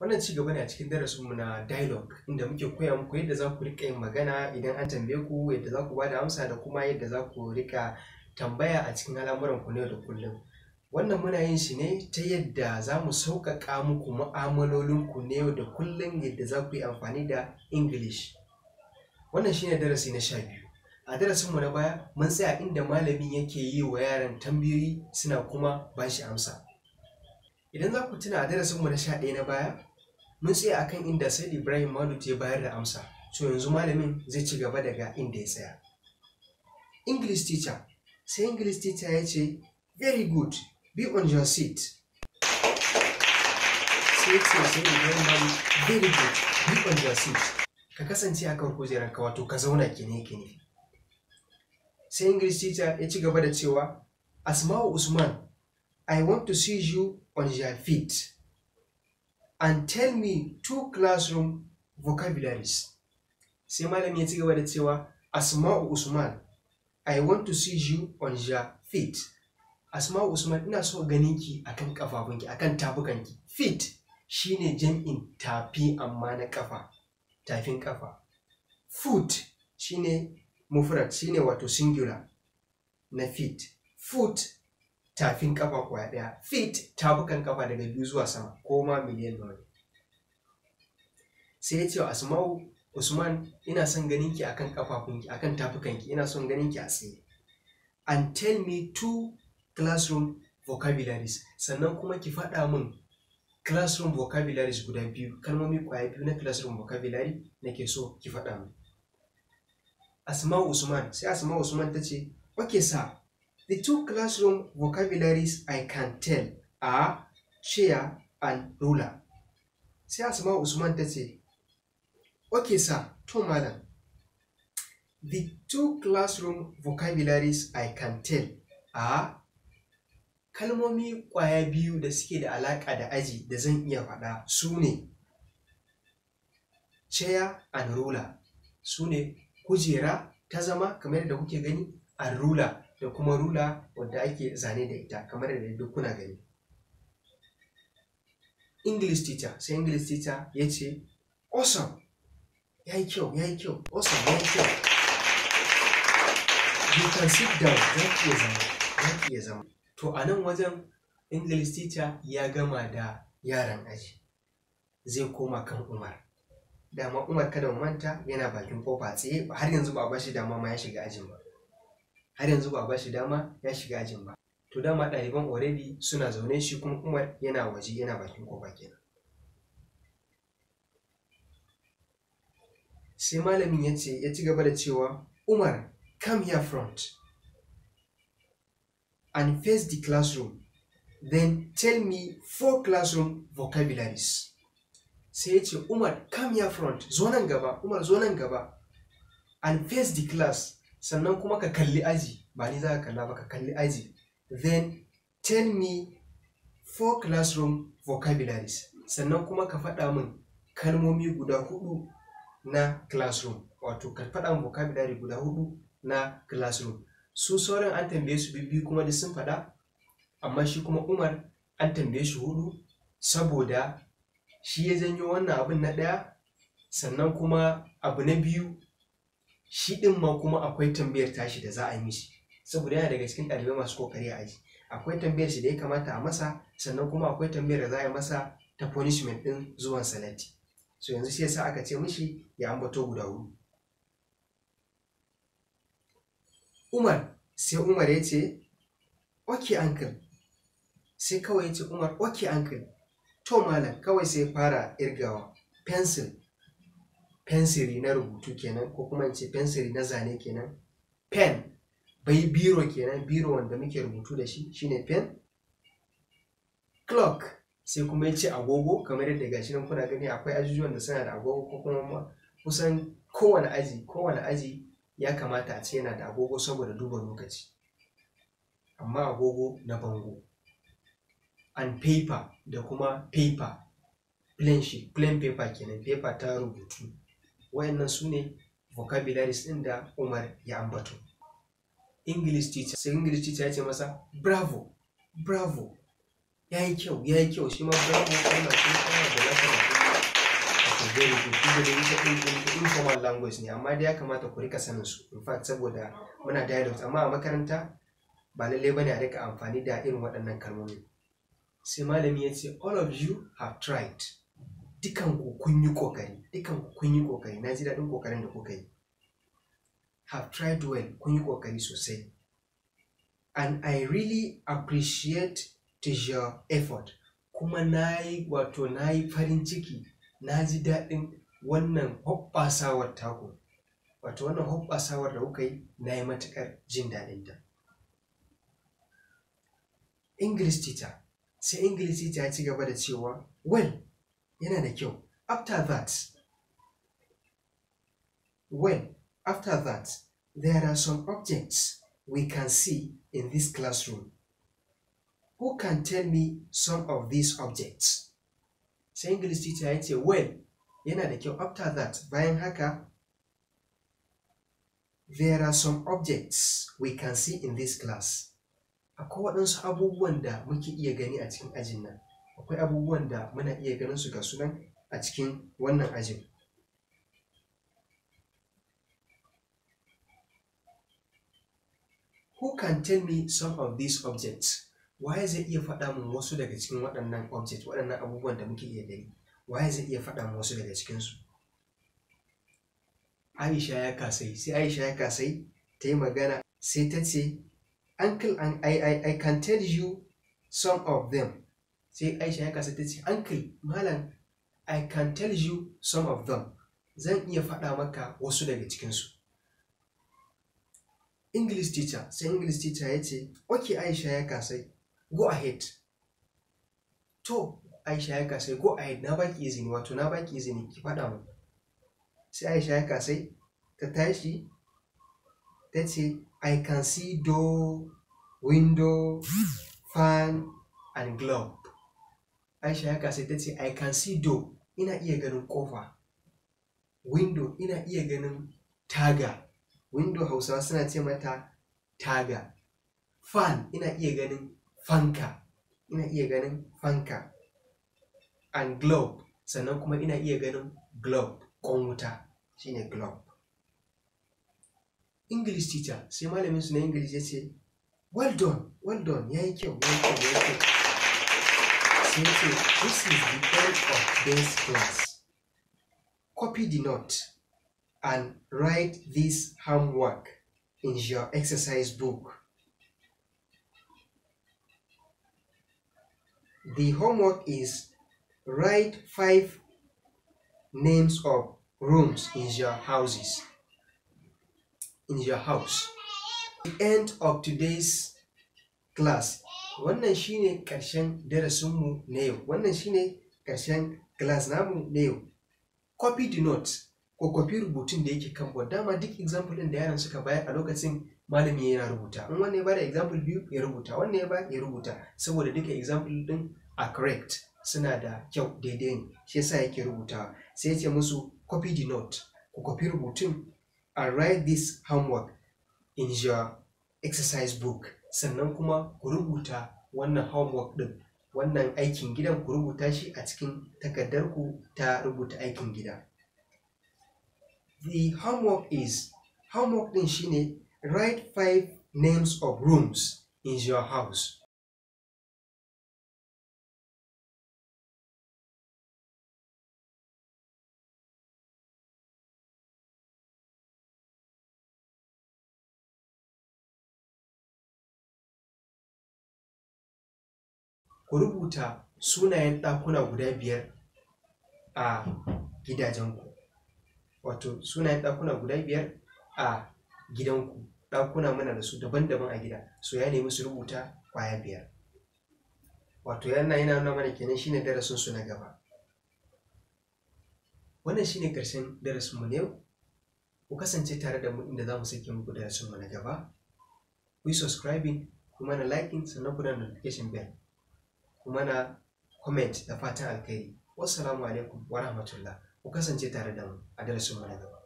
wannan ci gaba ne a cikin darasinmu na dialogue inda muke koya muku yadda za ku riƙa yin magana idan an tambaye ku yadda za ku bada amsa da kuma yadda za ku rika tambaya a cikin al'amuran ku na yau da kullum wannan muna yin shi ne ta yadda za mu sauƙaƙa muku mu'amalolin ku na yau da kullum yadda za ku yi amfani da english wannan shine darasi na sha biyu a darasin mu na baya mun tsaya inda malamin yake yi wa yaran tambayoyi suna kuma bashi amsa idan za ku tuna a darasinmu na sha ɗaya na baya mun tsaya akan inda sai ibrahim malut ya bayar da amsa to yanzu malamin zai ci gaba daga inda ya tsaya english teacher sai english teacher ya ce very good be on your seat sai ce sai ibrahim malut very good be on your seat ka kasance a kan kujerarka wato ka zauna kine kine sai english teacher ya ci gaba da cewa asma'u usman i want to see you on their feet and tell me two classroom vocabularies. Sai malam ya ci gaba da cewa Asma'u Usman, I want to see you on your feet. Asma'u Usman ina so ganin ki akan kafafunki, akan tafukanki. Feet shine jam'in tafi amma na kafa, tafin kafa. Foot shine mufrad shine wato singular na feet. Foot tafin kafa kwaya daya feet tafukan kafa daga biyu zuwa sama ko ma miliyan nawa sai ya ce wa asma'u usman ina son ganin ki akan kafafunki akan ki, ina son ganin ki a tsaye and tell me two classroom vocabularies sannan kuma ki faɗa min classroom vocabularies guda biyu kalmomi kwaya biyu na classroom vocabulary ke so ki faɗa min asma'u usman sai asma'u usman ta ce ok sa. The two classroom vocabularies I can tell are chair and ruler. Sai Asma Usman ta ce, Okay sir, to madam. The two classroom vocabularies I can tell are kalmomi ƙwaya biyu da suke da alaƙa da aji da zan iya faɗa su ne chair and ruler su ne kujera ta zama kamar yadda kuke gani and ruler da kuma rula wadda ake zane da ita kamar da duk kuna gani english teacher sai english teacher ya ce awesome ya yi kyau ya yi kyau awesome ya yi kyau you can sit down za ki iya zama za ki iya zama to a nan wajen english teacher ya gama da yaran aji zai koma kan umar dama umar kada mu manta yana bakin kofa tsaye har yanzu ba ba shi dama ma ya shiga ajin ba har yanzu ba shi dama ya shiga ajin ba to dama ɗaliban already suna zaune shi kuma umar yana waje yana bakin kofa kenan sai malamin ya ce ya ci gaba da cewa umar come here front and face the classroom then tell me four classroom vocabularies sai ya ce umar come here front zo gaba umar zo gaba and face the class sannan kuma ka kalli aji ba ni za ka kalla ba ka kalli aji then tell me four classroom vocabularies sannan kuma ka faɗa min kalmomi guda hudu na classroom wato ka faɗa min vocabulary guda hudu na classroom su sauran an tambaye su bibbi kuma da sun faɗa amma shi kuma umar an tambaye shi hudu saboda shi ya janyo wannan abin na ɗaya sannan kuma abu na biyu shi ɗin ma kuma akwai tambayar tashi da za a yi mishi saboda yana daga cikin ɗalibai masu kokari a aji akwai tambayar shi da ya kamata a masa sannan kuma akwai tambayar da za a yi masa ta punishment ɗin zuwan salati so yanzu shi yasa aka ce mishi ya ambato guda huɗu. Umar sai Umar ya ce ankl sai kawai ya ce Umar okay ankl to malam kawai sai fara irgawa pencil fensiri na rubutu kenan ko kuma in ce fensiri na zane kenan pen bai biro kenan biro wanda muke rubutu da shi shine pen clock sai kuma ya ce agogo kamar yadda gashi nan kuna gani akwai ajujuwan da suna da agogo ko kuma kusan kowane aji kowane aji ya kamata a ce yana da agogo saboda duba lokaci amma agogo na bango and paper da kuma paper plain sheet plain paper kenan paper ta rubutu wayannan su ne vocabularies ɗin da umar ya ambato english teacher sai english teacher ya ce masa bravo bravo ya yi kyau ya yi kyau shi ma bravo yana da informal language ne amma dai ya kamata ku rika sanin su in fact saboda muna dialogue amma a makaranta ba lallai bane a rika amfani da irin waɗannan kalmomi sai malami ya ce all of you have tried dukan ku kun yi kokari dukan ku kun yi kokari na ji daɗin kokarin da kuka yi have tried well kun yi kokari sosai and i really appreciate your effort kuma na yi wato na yi farin ciki na ji daɗin wannan hoɓɓasawar taku wato wannan hoɓɓasawar da kuka yi na yi matuƙar jin daɗin ta english teacher sai english teacher ya ci gaba da cewa well yana da kyau after that when after that there are some objects we can see in this classroom who can tell me some of these objects sai english teacher ya ce well yana da kyau after that bayan haka there are some objects we can see in this class akwai waɗansu abubuwan da muke iya gani a cikin ajin nan akwai abubuwan da muna iya ganin su ga sunan a cikin wannan ajin who can tell me some of these objects waye zai iya faɗa mu wasu daga cikin waɗannan object waɗannan abubuwan da muke iya gani waye zai iya faɗa mu wasu daga cikinsu aisha ya kasai sai aisha ya kasai ta yi magana sai ta ce uncle I, I, I can tell you some of them sai aisha ya kasa ta ce an kai malam i can tell you some of them zan iya faɗa maka wasu daga cikinsu english teacher sai english teacher ya ce ok aisha ya kasai go ahead to aisha ya kasai go ahead na baki izini wato na baki izini ki faɗa mu sai aisha ya kasai ta tashi ta ce i can see door window fan and glove aisha ya kasa ta ce i can see door ina iya ganin kofa window ina iya ganin taga window hausawa suna ce mata taga fan ina iya ganin fanka ina iya ganin fanka and globe sannan kuma ina iya ganin globe kon wuta shine globe english teacher sai malamin su na english ya ce well done well done yayi kyau yayi kyau yayi kyau into this is the end of this class. Copy the note and write this homework in your exercise book. The homework is write five names of rooms in your houses, in your house. The end of today's class wannan shine karshen darasinmu na yau wannan shine karshen class namu na yau copy the notes ko copy rubutun da yake kan board dama duk example din da yaran suka bayar a lokacin malami yana rubuta in wannan ya bada example biyu ya rubuta wannan ya ba ya rubuta saboda duka example ɗin a correct suna da kyau daidai ne shi yasa yake rubutawa sai ya ce musu copy the note ku copy rubutun and write this homework in your exercise book sannan kuma ku rubuta wannan homework ɗin wannan aikin gidan ku rubuta shi a cikin takardar ku ta rubuta aikin gida the homework is homework ɗin shine write five names of rooms in your house ku rubuta sunayen ɗakuna guda biyar a gidajenku wato sunayen ɗakuna guda biyar a gidanku ɗakuna muna da su daban-daban a gida so ya nemi su rubuta kwaya biyar wato yana yana nuna mana kenan shine darasin su na gaba wannan shine karshen darasin mu na yau ku kasance tare da mu inda za mu sake muku darasin mu na gaba ku yi kuma na liking sannan ku da notification bell kuma na comment da fatan alkhairi wassalamu alaikum wa rahmatullah ku kasance tare da mu a darasin mu na gaba